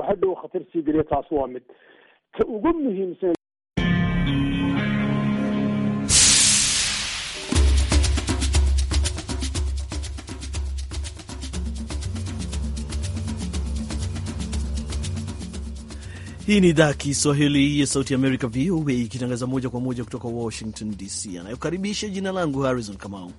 oo hadhow khatar sii geliya taas waa mid ka ugu muhiimsan Hii ni idhaa ya Kiswahili ya Sauti Amerika, VOA, ikitangaza moja kwa moja kutoka Washington DC. Anayokaribisha jina langu Harrison Kamau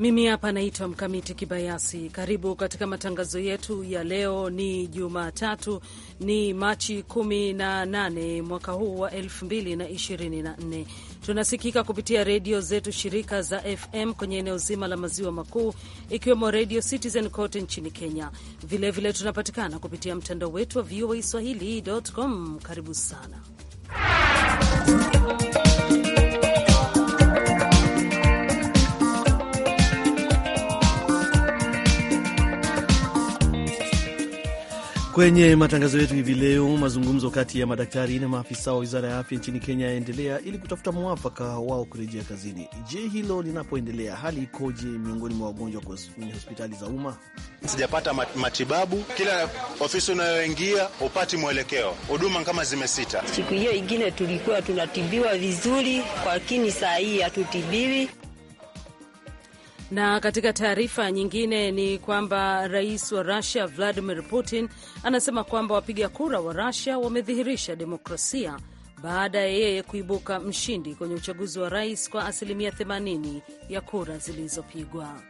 mimi hapa naitwa Mkamiti Kibayasi. Karibu katika matangazo yetu ya leo. Ni Jumatatu, ni Machi 18 mwaka huu wa 2024. Tunasikika kupitia redio zetu shirika za FM kwenye eneo zima la maziwa makuu, ikiwemo Redio Citizen kote nchini Kenya. Vilevile vile tunapatikana kupitia mtandao wetu wa VOA Swahili.com. Karibu sana Kwenye matangazo yetu hivi leo, mazungumzo kati ya madaktari na maafisa wa wizara ya afya nchini Kenya yaendelea ili kutafuta mwafaka wao kurejea kazini. Je, hilo linapoendelea, hali ikoje miongoni mwa wagonjwa kwenye hospitali za umma? Sijapata matibabu, kila ofisi unayoingia hupati mwelekeo, huduma kama zimesita. Siku hiyo ingine tulikuwa tunatibiwa vizuri, lakini saa hii hatutibiwi. Na katika taarifa nyingine ni kwamba rais wa Rusia Vladimir Putin anasema kwamba wapiga kura wa Rusia wamedhihirisha demokrasia baada ya yeye kuibuka mshindi kwenye uchaguzi wa rais kwa asilimia 80 ya kura zilizopigwa.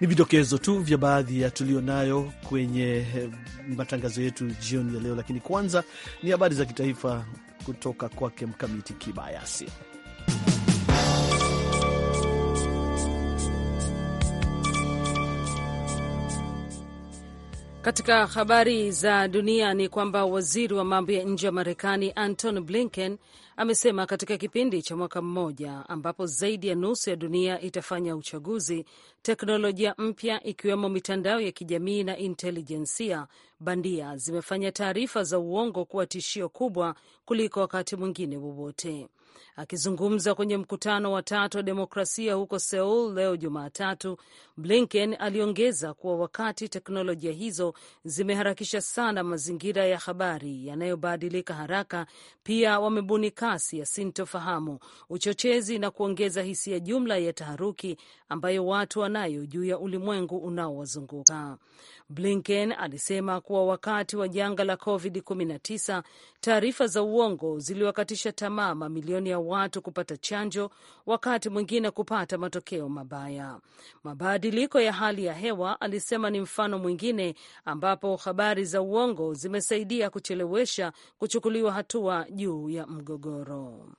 Ni vidokezo tu vya baadhi ya nayo kwenye eh, matangazo yetu jioni ya leo, lakini kwanza ni habari za kitaifa kutoka kwake Mkamiti Kibayasi. Katika habari za dunia ni kwamba waziri wa mambo ya nje wa Marekani anton Blinken amesema katika kipindi cha mwaka mmoja ambapo zaidi ya nusu ya dunia itafanya uchaguzi, teknolojia mpya ikiwemo mitandao ya kijamii na intelijensia bandia zimefanya taarifa za uongo kuwa tishio kubwa kuliko wakati mwingine wowote. Akizungumza kwenye mkutano wa tatu wa demokrasia huko Seoul leo Jumatatu, Blinken aliongeza kuwa wakati teknolojia hizo zimeharakisha sana mazingira ya habari yanayobadilika haraka, pia wamebuni kasi ya sintofahamu, uchochezi na kuongeza hisia jumla ya taharuki ambayo watu wanayo juu ya ulimwengu unaowazunguka. Blinken alisema kuwa wakati wa janga la COVID-19 taarifa za uongo ziliwakatisha tamaa mamilioni mamilioni ya watu kupata chanjo, wakati mwingine kupata matokeo mabaya. Mabadiliko ya hali ya hewa, alisema, ni mfano mwingine ambapo habari za uongo zimesaidia kuchelewesha kuchukuliwa hatua juu ya mgogoro.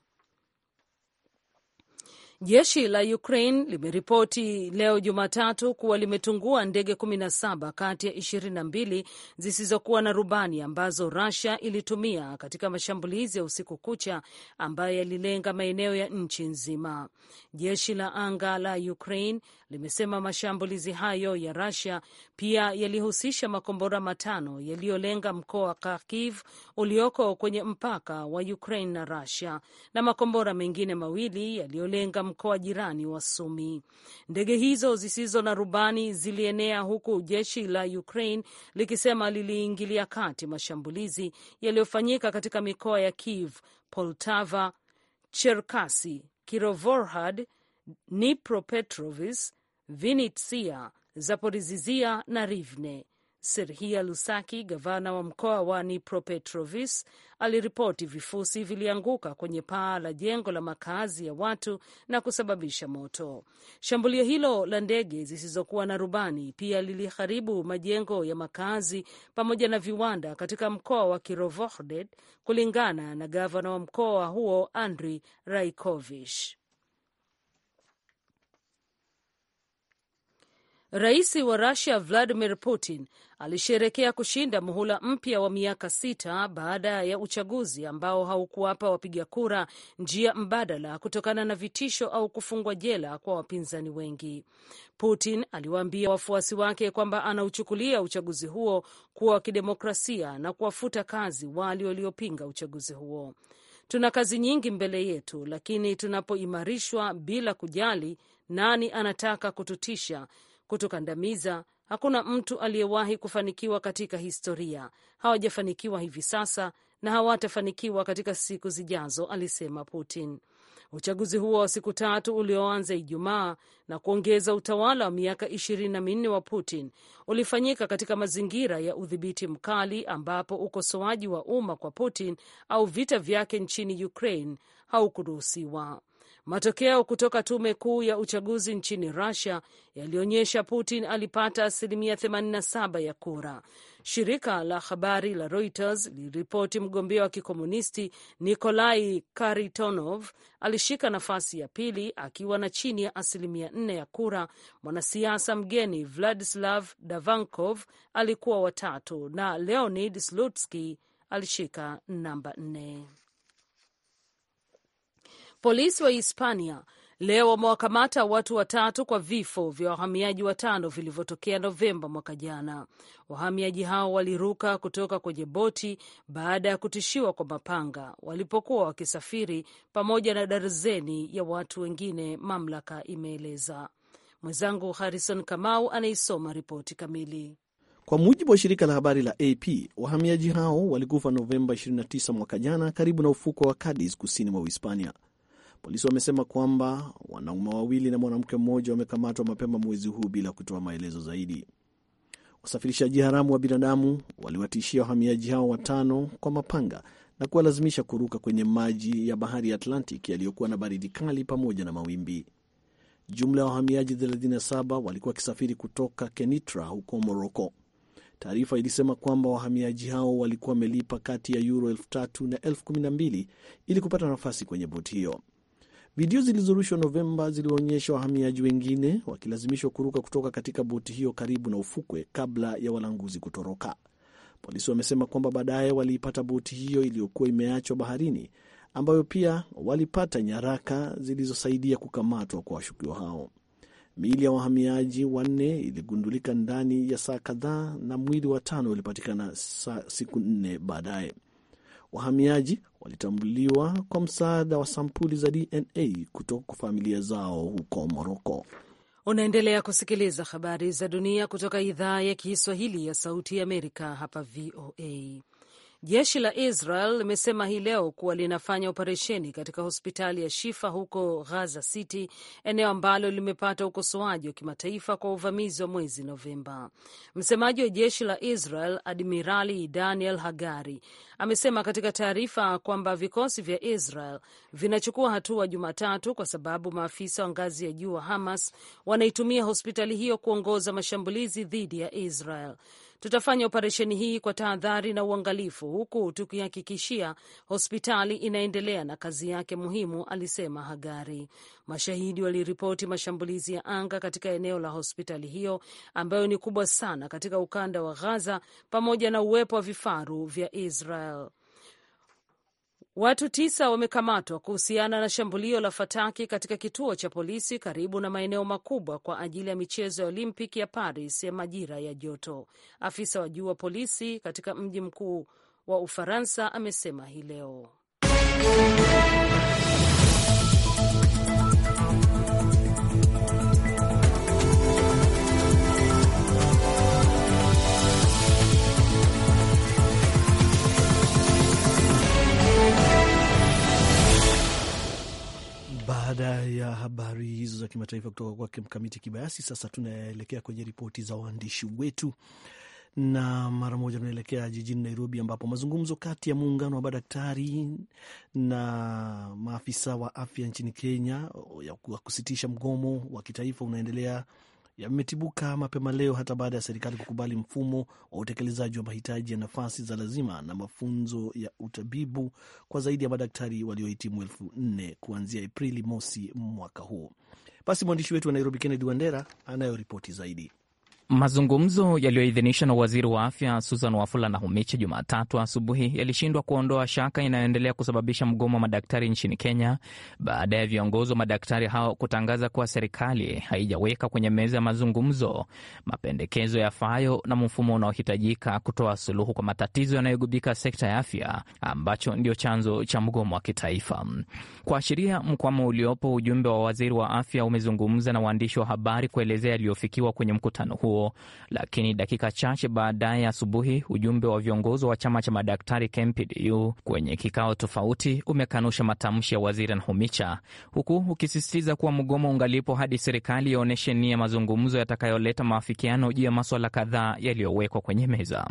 Jeshi la Ukraine limeripoti leo Jumatatu kuwa limetungua ndege 17 kati ya 22 zisizokuwa na rubani ambazo Russia ilitumia katika mashambulizi ya usiku kucha ambayo yalilenga maeneo ya nchi nzima. Jeshi la anga la Ukraine limesema mashambulizi hayo ya Russia pia yalihusisha makombora matano yaliyolenga mkoa wa Kharkiv ulioko kwenye mpaka wa Ukraine na Russia na makombora mengine mawili yaliyolenga mkoa jirani wa Sumi. Ndege hizo zisizo na rubani zilienea huku jeshi la Ukraine likisema liliingilia kati mashambulizi yaliyofanyika katika mikoa ya Kiev, Poltava, Cherkasi, Kirovohrad, Dnipropetrovsk, Vinnytsia, Zaporizhzhia na Rivne. Serhia Lusaki, gavana wa mkoa wa Nipropetrovis, aliripoti vifusi vilianguka kwenye paa la jengo la makazi ya watu na kusababisha moto. Shambulio hilo la ndege zisizokuwa na rubani pia liliharibu majengo ya makazi pamoja na viwanda katika mkoa wa Kirovohrad, kulingana na gavana wa mkoa huo Andri Raikovich. Rais wa Rusia Vladimir Putin alisherekea kushinda muhula mpya wa miaka sita baada ya uchaguzi ambao haukuwapa wapiga kura njia mbadala kutokana na vitisho au kufungwa jela kwa wapinzani wengi. Putin aliwaambia wafuasi wake kwamba anauchukulia uchaguzi huo kuwa wa kidemokrasia na kuwafuta kazi wale waliopinga uchaguzi huo. Tuna kazi nyingi mbele yetu, lakini tunapoimarishwa bila kujali nani anataka kututisha kutokandamiza Hakuna mtu aliyewahi kufanikiwa katika historia, hawajafanikiwa hivi sasa na hawatafanikiwa katika siku zijazo, alisema Putin. Uchaguzi huo wa siku tatu ulioanza Ijumaa na kuongeza utawala wa miaka ishirini na minne wa Putin ulifanyika katika mazingira ya udhibiti mkali ambapo ukosoaji wa umma kwa Putin au vita vyake nchini Ukraine haukuruhusiwa. Matokeo kutoka tume kuu ya uchaguzi nchini Russia yalionyesha Putin alipata asilimia 87 ya kura. Shirika la habari la Reuters liliripoti mgombea wa kikomunisti Nikolai Karitonov alishika nafasi ya pili akiwa na chini ya asilimia 4 ya kura. Mwanasiasa mgeni Vladislav Davankov alikuwa watatu na Leonid Slutsky alishika namba 4. Polisi wa Hispania leo wamewakamata watu watatu kwa vifo vya wahamiaji watano vilivyotokea Novemba mwaka jana. Wahamiaji hao waliruka kutoka kwenye boti baada ya kutishiwa kwa mapanga walipokuwa wakisafiri pamoja na darzeni ya watu wengine, mamlaka imeeleza. Mwenzangu Harrison Kamau anaisoma ripoti kamili. Kwa mujibu wa shirika la habari la AP, wahamiaji hao walikufa Novemba 29 mwaka jana karibu na ufuko wa Cadiz kusini mwa Uhispania. Polisi wamesema kwamba wanaume wawili na mwanamke mmoja wamekamatwa mapema mwezi huu bila kutoa maelezo zaidi. Wasafirishaji haramu wa binadamu waliwatishia wahamiaji hao watano kwa mapanga na kuwalazimisha kuruka kwenye maji ya bahari ya Atlantic yaliyokuwa na baridi kali pamoja na mawimbi. Jumla ya wahamiaji 37 walikuwa wakisafiri kutoka Kenitra huko Moroko. Taarifa ilisema kwamba wahamiaji hao walikuwa wamelipa kati ya euro elfu tatu na elfu kumi na mbili ili kupata nafasi kwenye boti hiyo. Video zilizorushwa Novemba ziliwaonyesha wahamiaji wengine wakilazimishwa kuruka kutoka katika boti hiyo karibu na ufukwe kabla ya walanguzi kutoroka. Polisi wamesema kwamba baadaye waliipata boti hiyo iliyokuwa imeachwa baharini, ambayo pia walipata nyaraka zilizosaidia kukamatwa kwa washukiwa hao. Miili ya wahamiaji wanne iligundulika ndani ya saa kadhaa na mwili wa tano ulipatikana siku nne baadaye. Wahamiaji walitambuliwa kwa msaada wa sampuli za DNA kutoka kwa familia zao huko Moroko. Unaendelea kusikiliza habari za dunia kutoka idhaa ya Kiswahili ya Sauti ya Amerika, hapa VOA. Jeshi la Israel limesema hii leo kuwa linafanya operesheni katika hospitali ya Shifa huko Gaza City, eneo ambalo limepata ukosoaji wa kimataifa kwa uvamizi wa mwezi Novemba. Msemaji wa jeshi la Israel Admirali Daniel Hagari amesema katika taarifa kwamba vikosi vya Israel vinachukua hatua Jumatatu kwa sababu maafisa wa ngazi ya juu wa Hamas wanaitumia hospitali hiyo kuongoza mashambulizi dhidi ya Israel. Tutafanya operesheni hii kwa tahadhari na uangalifu, huku tukihakikishia hospitali inaendelea na kazi yake muhimu, alisema Hagari. Mashahidi waliripoti mashambulizi ya anga katika eneo la hospitali hiyo ambayo ni kubwa sana katika ukanda wa Gaza, pamoja na uwepo wa vifaru vya Israel. Watu tisa wamekamatwa kuhusiana na shambulio la fataki katika kituo cha polisi karibu na maeneo makubwa kwa ajili ya michezo ya Olimpiki ya Paris ya majira ya joto. Afisa wa juu wa polisi katika mji mkuu wa Ufaransa amesema hii leo. Baada ya habari hizo za kimataifa kutoka kwake Mkamiti Kibayasi, sasa tunaelekea kwenye ripoti za waandishi wetu na mara moja tunaelekea jijini Nairobi ambapo mazungumzo kati ya muungano wa madaktari na maafisa wa afya nchini Kenya ya kusitisha mgomo wa kitaifa unaendelea yametibuka mapema leo hata baada ya serikali kukubali mfumo wa utekelezaji wa mahitaji ya nafasi za lazima na mafunzo ya utabibu kwa zaidi ya madaktari waliohitimu elfu nne kuanzia Aprili mosi mwaka huu. Basi mwandishi wetu wa Nairobi Kennedy Wandera anayoripoti zaidi. Mazungumzo yaliyoidhinishwa na waziri wa afya Susan Wafula Nahumiche Jumatatu asubuhi yalishindwa kuondoa shaka inayoendelea kusababisha mgomo wa madaktari nchini Kenya baada ya viongozi wa madaktari hao kutangaza kuwa serikali haijaweka kwenye meza ya mazungumzo mapendekezo yafaayo na mfumo unaohitajika kutoa suluhu kwa matatizo yanayogubika sekta ya afya, ambacho ndio chanzo cha mgomo wa kitaifa. Kuashiria mkwamo uliopo, ujumbe wa waziri wa afya umezungumza na waandishi wa habari kuelezea yaliyofikiwa kwenye mkutano huo huo, lakini dakika chache baadaye asubuhi, ujumbe wa viongozi wa chama cha madaktari KMPDU kwenye kikao tofauti umekanusha matamshi ya waziri Nhumicha, huku ukisisitiza kuwa mgomo ungalipo hadi serikali ionyeshe nia mazungumzo yatakayoleta maafikiano juu ya maswala kadhaa yaliyowekwa kwenye meza.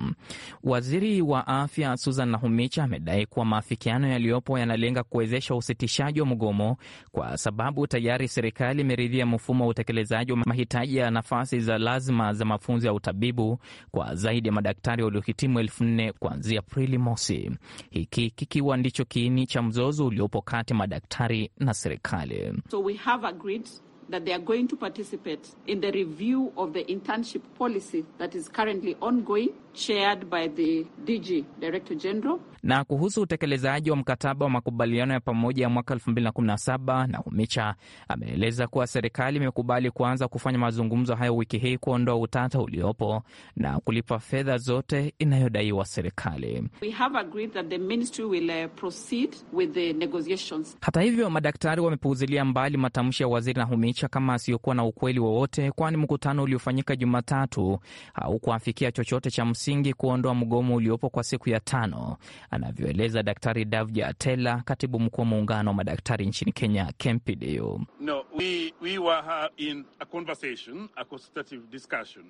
Waziri wa afya Susan Nahumicha amedai kuwa maafikiano yaliyopo yanalenga kuwezesha usitishaji wa mgomo kwa sababu tayari serikali imeridhia mfumo wa utekelezaji wa mahitaji ya nafasi za lazima za mafunzo ya utabibu kwa zaidi ya madaktari waliohitimu elfu nne kuanzia Aprili mosi, hiki kikiwa ndicho kiini cha mzozo uliopo kati ya madaktari na serikali. So we have agreed that they are going to participate in the review of the internship policy that is currently ongoing chaired by the DG Director General. Na kuhusu utekelezaji wa mkataba wa makubaliano ya pamoja ya mwaka 2017 na Umicha ameeleza kuwa serikali imekubali kuanza kufanya mazungumzo hayo wiki hii kuondoa utata uliopo na kulipa fedha zote inayodaiwa serikali. We have agreed that the ministry will uh, proceed with the negotiations. Hata hivyo, madaktari wamepuuzilia mbali matamshi ya waziri na Nahumicha picha kama asiyokuwa na ukweli wowote, kwani mkutano uliofanyika Jumatatu haukuafikia chochote cha msingi kuondoa mgomo uliopo kwa siku ya tano, anavyoeleza Daktari davja Atela, katibu mkuu wa muungano wa madaktari nchini Kenya, KMPDU. No, we, we were in a conversation, a consultative discussion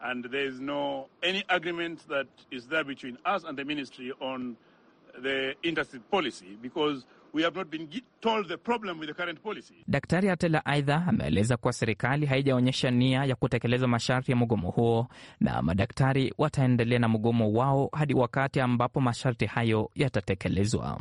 and there is no any agreement that is there between us and the ministry on the industry policy because we have not been Daktari Atela aidha ameeleza kuwa serikali haijaonyesha nia ya kutekeleza masharti ya mgomo huo na madaktari wataendelea na mgomo wao hadi wakati ambapo masharti hayo yatatekelezwa.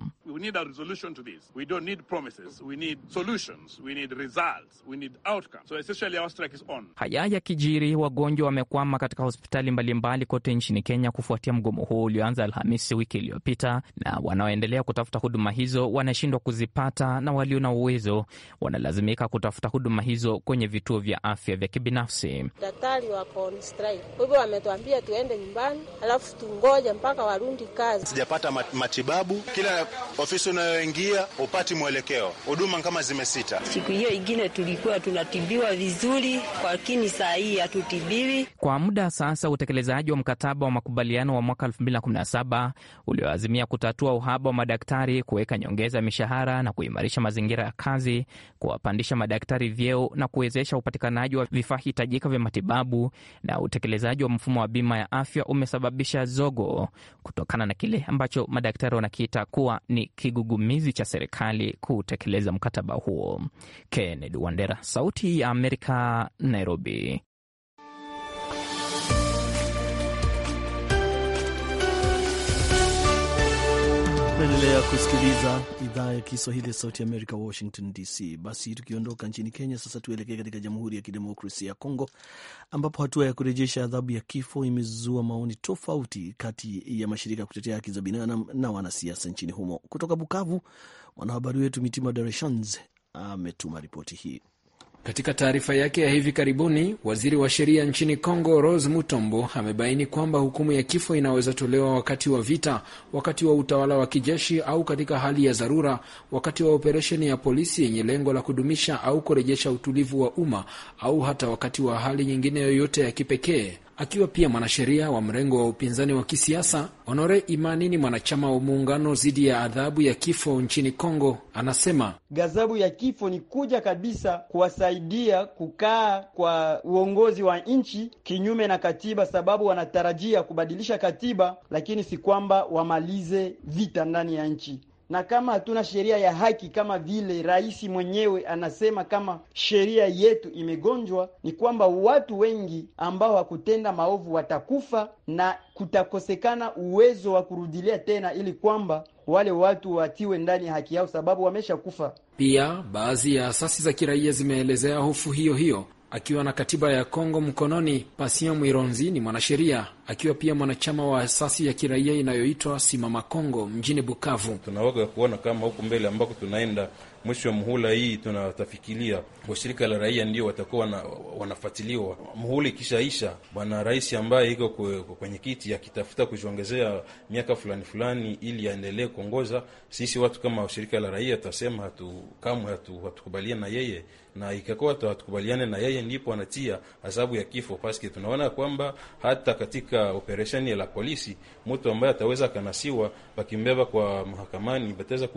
Haya ya kijiri wagonjwa wamekwama katika hospitali mbalimbali kote nchini Kenya kufuatia mgomo huo ulioanza Alhamisi wiki iliyopita, na wanaoendelea kutafuta huduma hizo wanashindwa kuzipata pesa na walio na uwezo wanalazimika kutafuta huduma hizo kwenye vituo vya afya vya kibinafsi. Daktari wako on strike, kwa hivyo wametuambia tuende nyumbani, alafu tungoje mpaka warundi kazi. Sijapata matibabu, kila ofisi unayoingia upati mwelekeo, huduma kama zimesita. Siku hiyo ingine tulikuwa tunatibiwa vizuri, lakini saa hii hatutibiwi kwa muda sasa. Utekelezaji wa mkataba wa makubaliano wa mwaka 2017 ulioazimia kutatua uhaba wa madaktari, kuweka nyongeza mishahara na kuima kuimarisha mazingira ya kazi, kuwapandisha madaktari vyeo na kuwezesha upatikanaji wa vifaa hitajika vya matibabu na utekelezaji wa mfumo wa bima ya afya umesababisha zogo kutokana na kile ambacho madaktari wanakiita kuwa ni kigugumizi cha serikali kutekeleza mkataba huo. Kennedy Wandera, Sauti ya Amerika, Nairobi. Naendelea kusikiliza idhaa ya Kiswahili ya Sauti Amerika, Washington DC. Basi tukiondoka nchini Kenya, sasa tuelekee katika Jamhuri ya Kidemokrasia ya Kongo, ambapo hatua ya kurejesha adhabu ya kifo imezua maoni tofauti kati ya mashirika ya kutetea haki za binadamu na wanasiasa nchini humo. Kutoka Bukavu, mwanahabari wetu Mitima Dereshans ametuma ripoti hii. Katika taarifa yake ya hivi karibuni, waziri wa sheria nchini congo Rose Mutombo amebaini kwamba hukumu ya kifo inaweza tolewa wakati wa vita, wakati wa utawala wa kijeshi, au katika hali ya dharura, wakati wa operesheni ya polisi yenye lengo la kudumisha au kurejesha utulivu wa umma, au hata wakati wa hali nyingine yoyote ya kipekee akiwa pia mwanasheria wa mrengo wa upinzani wa kisiasa. Honore Imanini, mwanachama wa muungano dhidi ya adhabu ya kifo nchini Kongo, anasema ghadhabu ya kifo ni kuja kabisa kuwasaidia kukaa kwa uongozi wa nchi kinyume na katiba, sababu wanatarajia kubadilisha katiba, lakini si kwamba wamalize vita ndani ya nchi na kama hatuna sheria ya haki kama vile rais mwenyewe anasema kama sheria yetu imegonjwa, ni kwamba watu wengi ambao hakutenda maovu watakufa na kutakosekana uwezo wa kurudilia tena, ili kwamba wale watu watiwe ndani ya haki yao, sababu wameshakufa. Pia baadhi ya asasi za kiraia zimeelezea hofu hiyo hiyo Akiwa na katiba ya Kongo mkononi, Patient Mwironzi ni mwanasheria akiwa pia mwanachama wa asasi ya kiraia inayoitwa Simama Kongo mjini Bukavu. Tunaweza kuona kama huku mbele ambako tunaenda mwisho wa muhula hii tunatafikilia washirika la raia ndio watakuwa wanafuatiliwa. Muhula ikishaisha, bwana rais ambaye iko kwenye kiti akitafuta kujiongezea miaka fulani fulani ili aendelee kuongoza, sisi watu kama washirika la raia tutasema hatu, kamwe hatu, na yeye, na ikakuwa hatukubaliane na yeye, ndipo anatia adhabu ya kifo, paske tunaona kwamba hata katika operesheni la polisi mtu ambaye ataweza akanasiwa bakimbeba kwa mahakamani bataweza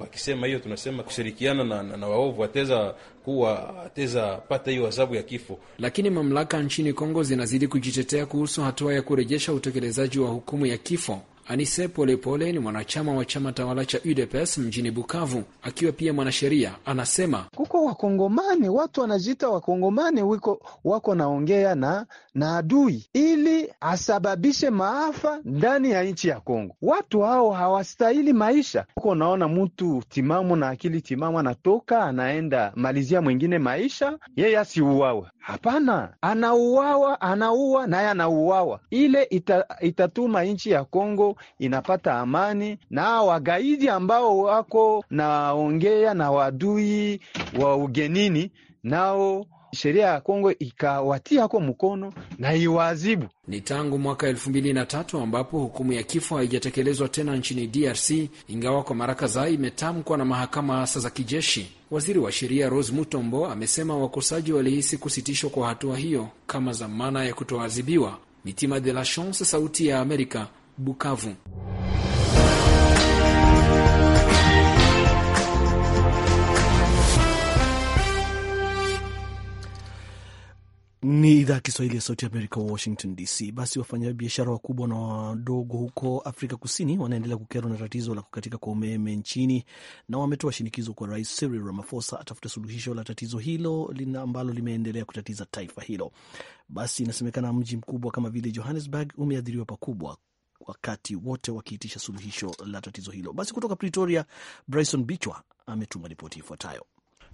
bakisema hiyo, tunasema kushirikiana na, na, na waovu ateza kuwa ateza pata hiyo adhabu ya kifo. Lakini mamlaka nchini Kongo zinazidi kujitetea kuhusu hatua ya kurejesha utekelezaji wa hukumu ya kifo Anise Polepole pole ni mwanachama wa chama tawala cha UDPS mjini Bukavu, akiwa pia mwanasheria. Anasema kuko wakongomani, watu wanajiita wakongomani wiko wako naongea na na adui ili asababishe maafa ndani ya nchi ya Kongo. Watu hao hawastahili maisha. Uko unaona mtu timamu na akili timamu anatoka anaenda malizia mwingine maisha, yeye asiuawe. Hapana, anauawa, anaua naye anauawa. Ile ita, itatuma nchi ya Kongo inapata amani, na wagaidi ambao wako naongea na wadui wa ugenini nao sheria ya Kongo ikawatia hako mkono na iwazibu. Ni tangu mwaka elfu mbili na tatu ambapo hukumu ya kifo haijatekelezwa tena nchini DRC, ingawa kwa mara kadhaa imetamkwa na mahakama hasa za kijeshi. Waziri wa sheria Rose Mutombo amesema wakosaji walihisi kusitishwa kwa hatua hiyo kama dhamana ya kutoadhibiwa. Mitima de la Chance, Sauti ya Amerika, Bukavu. Ni idhaa ya Kiswahili ya Sauti ya Amerika, Washington DC. Basi wafanyabiashara wakubwa na wadogo huko Afrika Kusini wanaendelea kukerwa na tatizo la kukatika kwa umeme nchini, na wametoa shinikizo kwa Rais Cyril Ramaphosa atafute suluhisho la tatizo hilo ambalo limeendelea kutatiza taifa hilo. Basi inasemekana mji mkubwa kama vile Johannesburg umeathiriwa pakubwa wakati wote wakiitisha suluhisho la tatizo hilo. Basi kutoka Pretoria, Bryson Bichwa ametuma ripoti ifuatayo.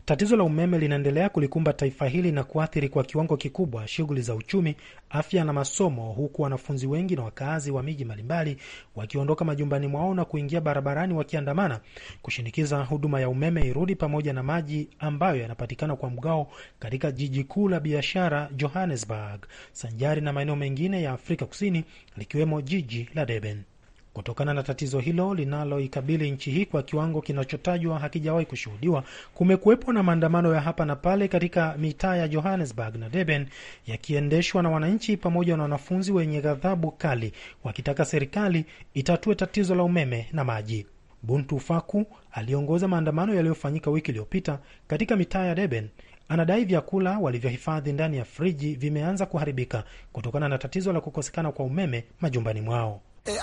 Tatizo la umeme linaendelea kulikumba taifa hili na kuathiri kwa kiwango kikubwa shughuli za uchumi, afya na masomo, huku wanafunzi wengi na wakaazi wa miji mbalimbali wakiondoka majumbani mwao na kuingia barabarani wakiandamana kushinikiza huduma ya umeme irudi, pamoja na maji ambayo yanapatikana kwa mgao katika jiji kuu la biashara Johannesburg, sanjari na maeneo mengine ya Afrika Kusini likiwemo jiji la Durban. Kutokana na tatizo hilo linaloikabili nchi hii kwa kiwango kinachotajwa hakijawahi kushuhudiwa, kumekuwepo na maandamano ya hapa na pale katika mitaa ya Johannesburg na Durban yakiendeshwa na wananchi pamoja na wanafunzi wenye ghadhabu kali, wakitaka serikali itatue tatizo la umeme na maji. Buntu Faku aliongoza maandamano yaliyofanyika wiki iliyopita katika mitaa ya Durban anadai vyakula walivyohifadhi ndani ya friji vimeanza kuharibika kutokana na tatizo la kukosekana kwa umeme majumbani mwao. Eh,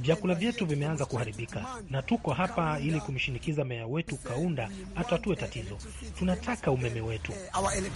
Vyakula vyetu vimeanza kuharibika na tuko hapa ili kumshinikiza meya wetu Kaunda atatue tatizo. Tunataka umeme wetu. Eh,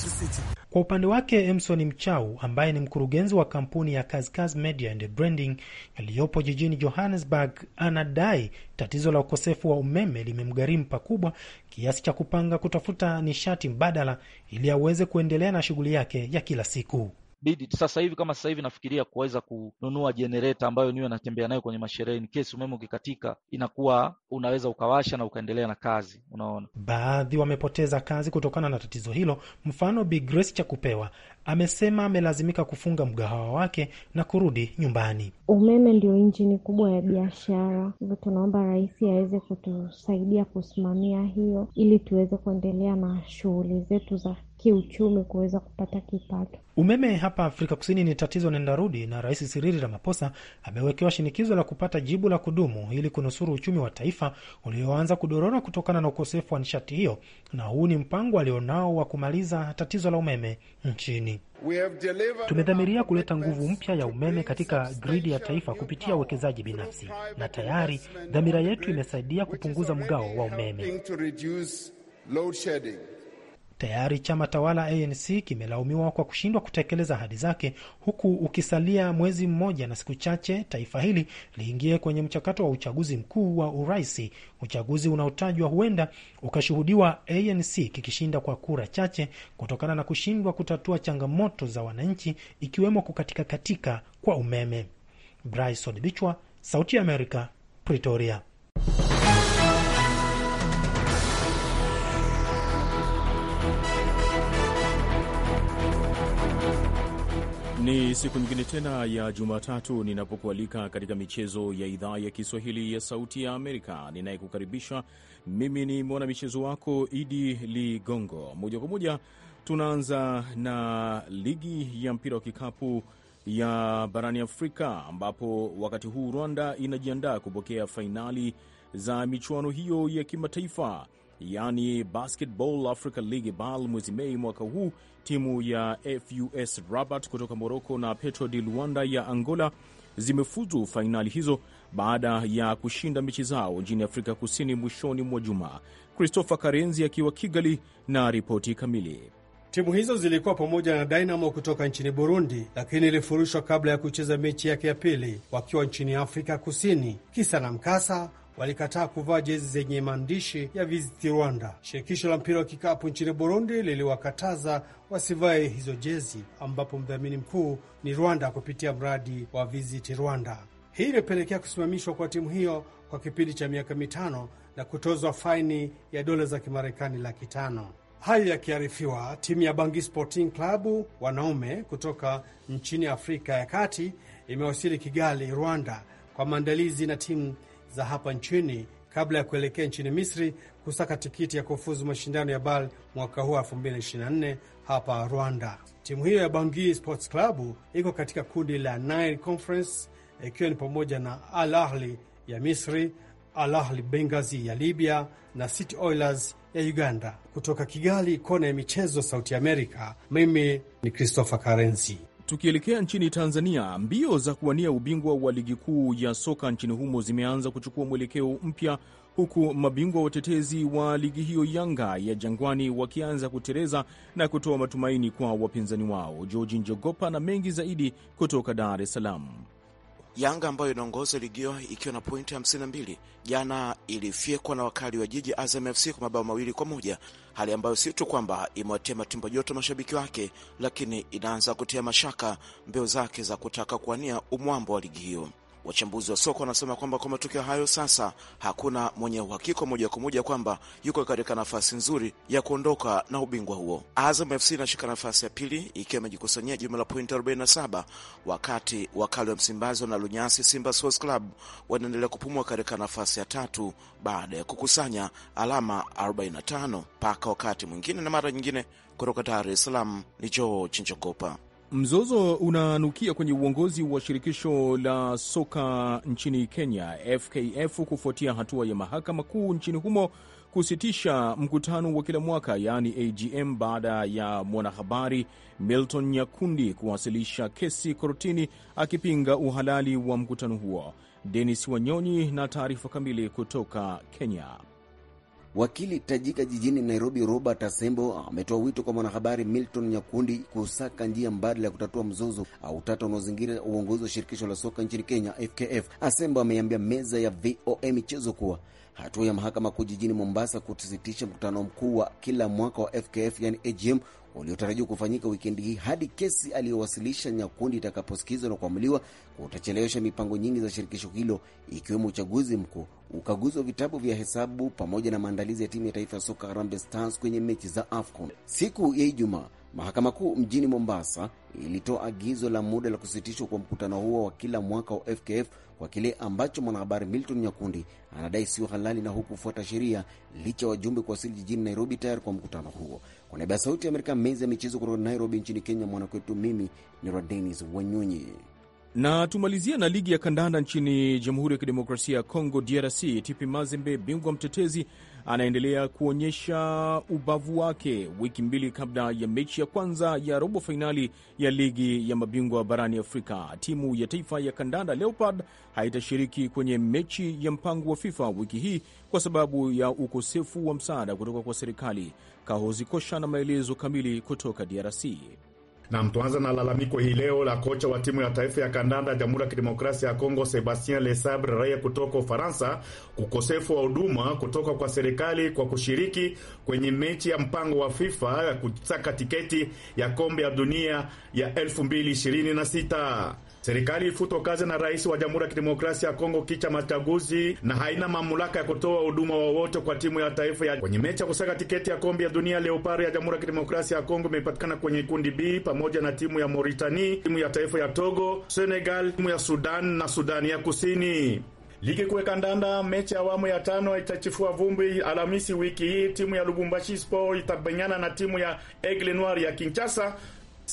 Kwa upande wake, Emson Mchau ambaye ni mkurugenzi wa kampuni ya Kazkaz Media and Branding iliyopo jijini Johannesburg anadai tatizo la ukosefu wa umeme limemgharimu pakubwa kiasi cha kupanga kutafuta nishati mbadala ili aweze kuendelea na shughuli yake ya kila siku bidi sasa hivi kama sasa hivi nafikiria kuweza kununua jenereta ambayo niwe natembea nayo kwenye masherehe, kesi umeme ukikatika inakuwa unaweza ukawasha na ukaendelea na kazi. Unaona, baadhi wamepoteza kazi kutokana na tatizo hilo. Mfano, Bi Grace kupewa amesema amelazimika kufunga mgahawa wake na kurudi nyumbani. Umeme ndio injini kubwa ya biashara, hivyo tunaomba Rais aweze kutusaidia kusimamia hiyo, ili tuweze kuendelea na shughuli zetu za kiuchumi kuweza kupata kipato. Umeme hapa Afrika Kusini ni tatizo nenda rudi, na Rais Cyril Ramaphosa amewekewa shinikizo la kupata jibu la kudumu ili kunusuru uchumi wa taifa ulioanza kudorora kutokana na ukosefu wa nishati hiyo, na huu ni mpango alionao wa kumaliza tatizo la umeme nchini. Tumedhamiria kuleta nguvu mpya ya umeme katika gridi ya taifa kupitia uwekezaji binafsi, na tayari dhamira yetu imesaidia kupunguza mgao wa umeme. Tayari chama tawala ANC kimelaumiwa kwa kushindwa kutekeleza ahadi zake, huku ukisalia mwezi mmoja na siku chache taifa hili liingie kwenye mchakato wa uchaguzi mkuu wa uraisi uchaguzi unaotajwa huenda ukashuhudiwa ANC kikishinda kwa kura chache kutokana na kushindwa kutatua changamoto za wananchi, ikiwemo kukatika katika kwa umeme. Bryson Bichwa, Sauti ya Amerika, Pretoria. Ni siku nyingine tena ya Jumatatu ninapokualika katika michezo ya idhaa ya Kiswahili ya Sauti ya Amerika. Ninayekukaribisha mimi ni mwana michezo wako Idi Ligongo. Moja kwa moja tunaanza na ligi ya mpira wa kikapu ya barani Afrika, ambapo wakati huu Rwanda inajiandaa kupokea fainali za michuano hiyo ya kimataifa yani Basketball Africa League BAL mwezi Mei mwaka huu, timu ya FUS Rabat kutoka Moroko na Petro de Luanda ya Angola zimefuzu fainali hizo baada ya kushinda mechi zao nchini Afrika Kusini mwishoni mwa jumaa Christopher Karenzi akiwa Kigali na ripoti kamili. Timu hizo zilikuwa pamoja na Dynamo kutoka nchini Burundi, lakini ilifurushwa kabla ya kucheza mechi yake ya pili wakiwa nchini Afrika Kusini. Kisa na mkasa, walikataa kuvaa jezi zenye maandishi ya Visit Rwanda. Shirikisho la mpira wa kikapu nchini Burundi liliwakataza wasivae hizo jezi, ambapo mdhamini mkuu ni Rwanda kupitia mradi wa Visit Rwanda. Hii ilipelekea kusimamishwa kwa timu hiyo kwa kipindi cha miaka mitano na kutozwa faini ya dola za Kimarekani laki tano. Hayo yakiarifiwa, timu ya Bangi Sporting Club wanaume kutoka nchini Afrika ya Kati imewasili Kigali, Rwanda kwa maandalizi na timu za hapa nchini kabla ya kuelekea nchini Misri kusaka tikiti ya kufuzu mashindano ya BAL mwaka huu 2024 hapa Rwanda. Timu hiyo ya Bangui Sports Club iko katika kundi la Nile Conference, ikiwa ni pamoja na Al Ahli ya Misri, Al Ahli Bengazi ya Libya na City Oilers ya Uganda. Kutoka Kigali, kona ya michezo, Sauti Amerika, mimi ni Christopher Karenzi. Tukielekea nchini Tanzania, mbio za kuwania ubingwa wa ligi kuu ya soka nchini humo zimeanza kuchukua mwelekeo mpya huku mabingwa watetezi wa ligi hiyo Yanga ya Jangwani wakianza kuteleza na kutoa matumaini kwa wapinzani wao. Georgi Njogopa na mengi zaidi kutoka Dar es Salaam. Yanga ambayo inaongoza ligi hiyo ikiwa na pointi 52 jana ilifyekwa na wakali wa jiji Azam FC kwa mabao mawili kwa moja, hali ambayo si tu kwamba imewatia matimba joto mashabiki wake, lakini inaanza kutia mashaka mbio zake za kutaka kuwania umwambo wa ligi hiyo. Wachambuzi wa soka wanasema kwamba kwa matokeo hayo sasa hakuna mwenye uhakika moja kwa moja kwamba yuko katika nafasi nzuri ya kuondoka na ubingwa huo. Azam FC inashika nafasi ya pili ikiwa imejikusanyia jumla la pointi 47, wakati wakali wa Msimbazi wanalunyasi Simba Sports Club wanaendelea kupumua katika nafasi ya tatu baada ya kukusanya alama 45. Mpaka wakati mwingine na mara nyingine, kutoka Dar es Salaam ni Joo Chinjogopa. Mzozo unanukia kwenye uongozi wa shirikisho la soka nchini Kenya, FKF, kufuatia hatua ya mahakama kuu nchini humo kusitisha mkutano wa kila mwaka yaani AGM baada ya mwanahabari Milton Nyakundi kuwasilisha kesi kortini akipinga uhalali wa mkutano huo. Denis Wanyonyi na taarifa kamili kutoka Kenya. Wakili tajika jijini Nairobi, Robert Asembo, ametoa wito kwa mwanahabari Milton Nyakundi kusaka njia mbadala ya kutatua mzozo au utata unaozingira uongozi wa shirikisho la soka nchini Kenya, FKF. Asembo ameambia meza ya VOA michezo kuwa hatua ya mahakama kuu jijini Mombasa kusitisha mkutano mkuu wa kila mwaka wa FKF yani AGM uliotarajiwa kufanyika wikendi hii hadi kesi aliyowasilisha Nyakundi itakaposikizwa na kuamuliwa kutachelewesha mipango nyingi za shirikisho hilo ikiwemo uchaguzi mkuu, ukaguzi wa vitabu vya hesabu pamoja na maandalizi ya timu ya taifa ya soka Harambee Stars kwenye mechi za AFCON siku ya Ijumaa. Mahakama Kuu mjini Mombasa ilitoa agizo la muda la kusitishwa kwa mkutano huo wa kila mwaka wa FKF kwa kile ambacho mwanahabari Milton Nyakundi anadai sio halali na hukufuata sheria, licha ya wajumbe kuwasili jijini Nairobi tayari kwa mkutano huo. Kwa niaba ya Sauti ya Amerika, meza ya michezo kutoka Nairobi nchini Kenya, mwanakwetu, mimi ni Radenis Wanyonyi. Na tumalizia na ligi ya kandanda nchini Jamhuri ya Kidemokrasia ya Kongo, DRC. TP Mazembe, bingwa mtetezi, anaendelea kuonyesha ubavu wake wiki mbili kabla ya mechi ya kwanza ya robo fainali ya ligi ya mabingwa barani Afrika. Timu ya taifa ya kandanda Leopard haitashiriki kwenye mechi ya mpango wa FIFA wiki hii kwa sababu ya ukosefu wa msaada kutoka kwa serikali. Kahozi Kosha na maelezo kamili kutoka DRC. Nam, tuanza na lalamiko hii leo la kocha wa timu ya taifa ya kandanda Jamhuri ya Kidemokrasia ya Kongo, Sebastien Lesabre, raia kutoka Ufaransa, ukosefu wa huduma kutoka kwa serikali kwa kushiriki kwenye mechi ya mpango wa FIFA ya kusaka tiketi ya kombe ya dunia ya 226 Serikali ifutwa kazi na rais wa Jamhuri ya Kidemokrasia ya Kongo kicha machaguzi na haina mamlaka ya kutoa huduma wowote kwa timu ya taifa ya kwenye mechi ya kusaka tiketi ya kombe ya dunia. Leopard ya Jamhuri ya Kidemokrasia ya Kongo imepatikana kwenye kundi B pamoja na timu ya moritani timu ya taifa ya Togo, Senegal, timu ya Sudan na Sudani ya Kusini. Ligi kuu ya kandanda mechi ya awamu ya tano itachifua vumbi Alhamisi wiki hii. Timu ya Lubumbashi Sport itapenyana na timu ya Aigle Noir ya Kinshasa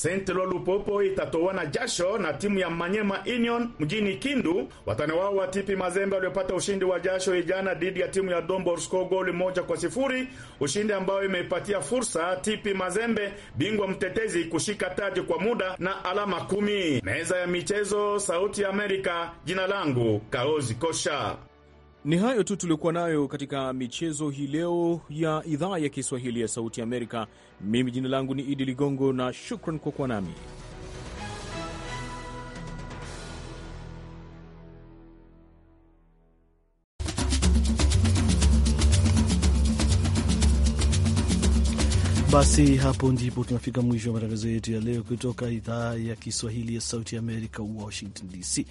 lupopo Lolupopo itatoana jasho na timu ya Manyema Union mjini Kindu. Watani wao wa Tipi Mazembe waliopata ushindi wa jasho ijana dhidi ya timu ya Domborsco goli moja kwa sifuri, ushindi ambao imeipatia fursa Tipi Mazembe bingwa mtetezi kushika taji kwa muda na alama kumi. Meza ya michezo, Sauti ya Amerika, jina langu Kaozi Kosha. Ni hayo tu tuliokuwa nayo katika michezo hii leo ya idhaa ya Kiswahili ya Sauti Amerika. Mimi jina langu ni Idi Ligongo na shukran kwa kuwa nami. Basi hapo ndipo tunafika mwisho wa matangazo yetu ya leo kutoka idhaa ya Kiswahili ya Sauti Amerika, Washington DC.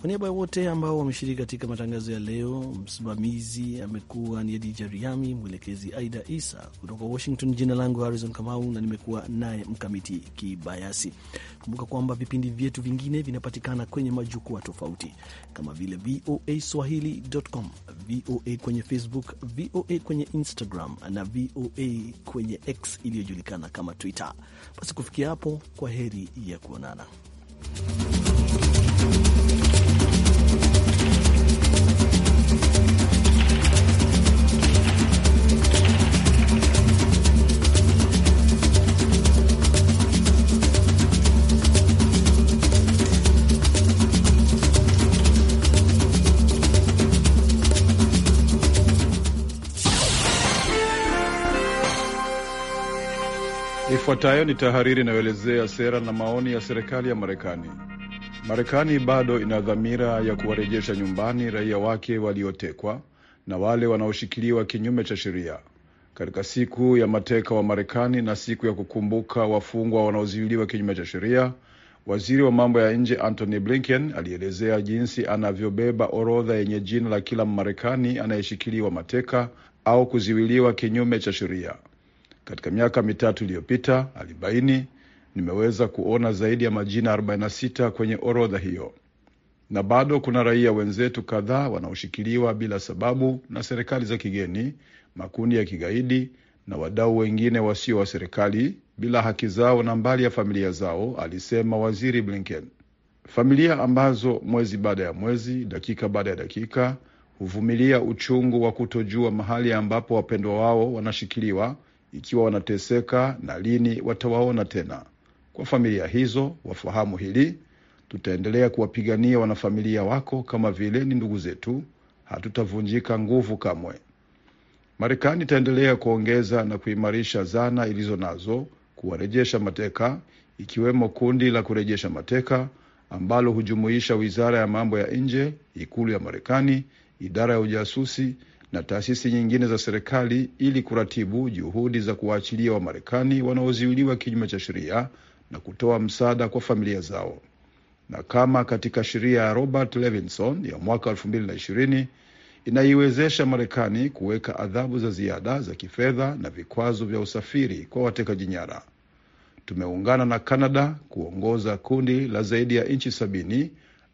Kwa niaba ya wote ambao wameshiriki katika matangazo ya leo, msimamizi amekuwa ni Adija Riami, mwelekezi Aida Isa kutoka Washington. Jina langu Harrison Kamau na nimekuwa naye Mkamiti Kibayasi. Kumbuka kwamba vipindi vyetu vingine vinapatikana kwenye majukwaa tofauti kama vile VOA Swahili.com, VOA kwenye Facebook, VOA kwenye Instagram na VOA kwenye X iliyojulikana kama Twitter. Basi kufikia hapo, kwa heri ya kuonana. Ifuatayo ni tahariri inayoelezea sera na maoni ya serikali ya Marekani. Marekani bado ina dhamira ya kuwarejesha nyumbani raia wake waliotekwa na wale wanaoshikiliwa kinyume cha sheria. Katika siku ya mateka wa Marekani na siku ya kukumbuka wafungwa wanaozuiliwa kinyume cha sheria, waziri wa mambo ya nje Antony Blinken alielezea jinsi anavyobeba orodha yenye jina la kila marekani anayeshikiliwa mateka au kuziwiliwa kinyume cha sheria. Katika miaka mitatu iliyopita, alibaini, nimeweza kuona zaidi ya majina 46 kwenye orodha hiyo, na bado kuna raia wenzetu kadhaa wanaoshikiliwa bila sababu na serikali za kigeni, makundi ya kigaidi na wadau wengine wasio wa serikali bila haki zao na mbali ya familia zao, alisema Waziri Blinken. Familia ambazo mwezi baada ya mwezi, dakika baada ya dakika, huvumilia uchungu wa kutojua mahali ambapo wapendwa wao wanashikiliwa ikiwa wanateseka na lini watawaona tena. Kwa familia hizo, wafahamu hili. Tutaendelea kuwapigania wanafamilia wako kama vile ni ndugu zetu. Hatutavunjika nguvu kamwe. Marekani itaendelea kuongeza na kuimarisha zana ilizo nazo kuwarejesha mateka, ikiwemo kundi la kurejesha mateka ambalo hujumuisha wizara ya mambo ya nje, ikulu ya Marekani, idara ya ujasusi na taasisi nyingine za serikali ili kuratibu juhudi za kuwaachilia Wamarekani wanaozuiliwa kinyume cha sheria na kutoa msaada kwa familia zao. Na kama katika sheria ya Robert Levinson ya mwaka 2020 inaiwezesha Marekani kuweka adhabu za ziada za kifedha na vikwazo vya usafiri kwa watekaji nyara. Tumeungana na canada kuongoza kundi la zaidi ya nchi sabini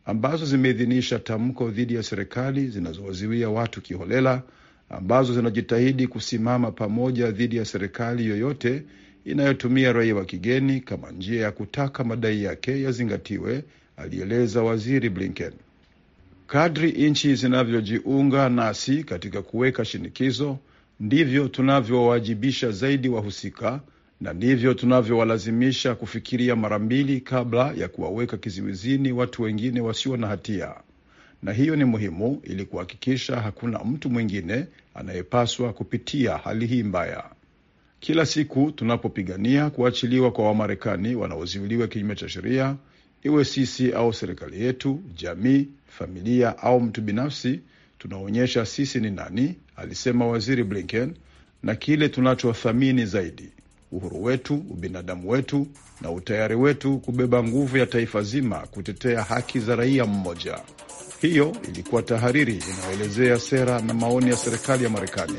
ambazo zimeidhinisha tamko dhidi ya serikali zinazowaziwia watu kiholela, ambazo zinajitahidi kusimama pamoja dhidi ya serikali yoyote inayotumia raia wa kigeni kama njia ya kutaka madai yake yazingatiwe, alieleza Waziri Blinken. Kadri nchi zinavyojiunga nasi katika kuweka shinikizo, ndivyo tunavyowajibisha zaidi wahusika na ndivyo tunavyowalazimisha kufikiria mara mbili kabla ya kuwaweka kizuizini watu wengine wasio na hatia, na hiyo ni muhimu ili kuhakikisha hakuna mtu mwingine anayepaswa kupitia hali hii mbaya. Kila siku tunapopigania kuachiliwa kwa Wamarekani wanaozuiliwa kinyume cha sheria, iwe sisi au serikali yetu, jamii, familia au mtu binafsi, tunaonyesha sisi ni nani, alisema Waziri Blinken, na kile tunachothamini zaidi uhuru wetu, ubinadamu wetu na utayari wetu kubeba nguvu ya taifa zima kutetea haki za raia mmoja. Hiyo ilikuwa tahariri inayoelezea sera na maoni ya serikali ya Marekani.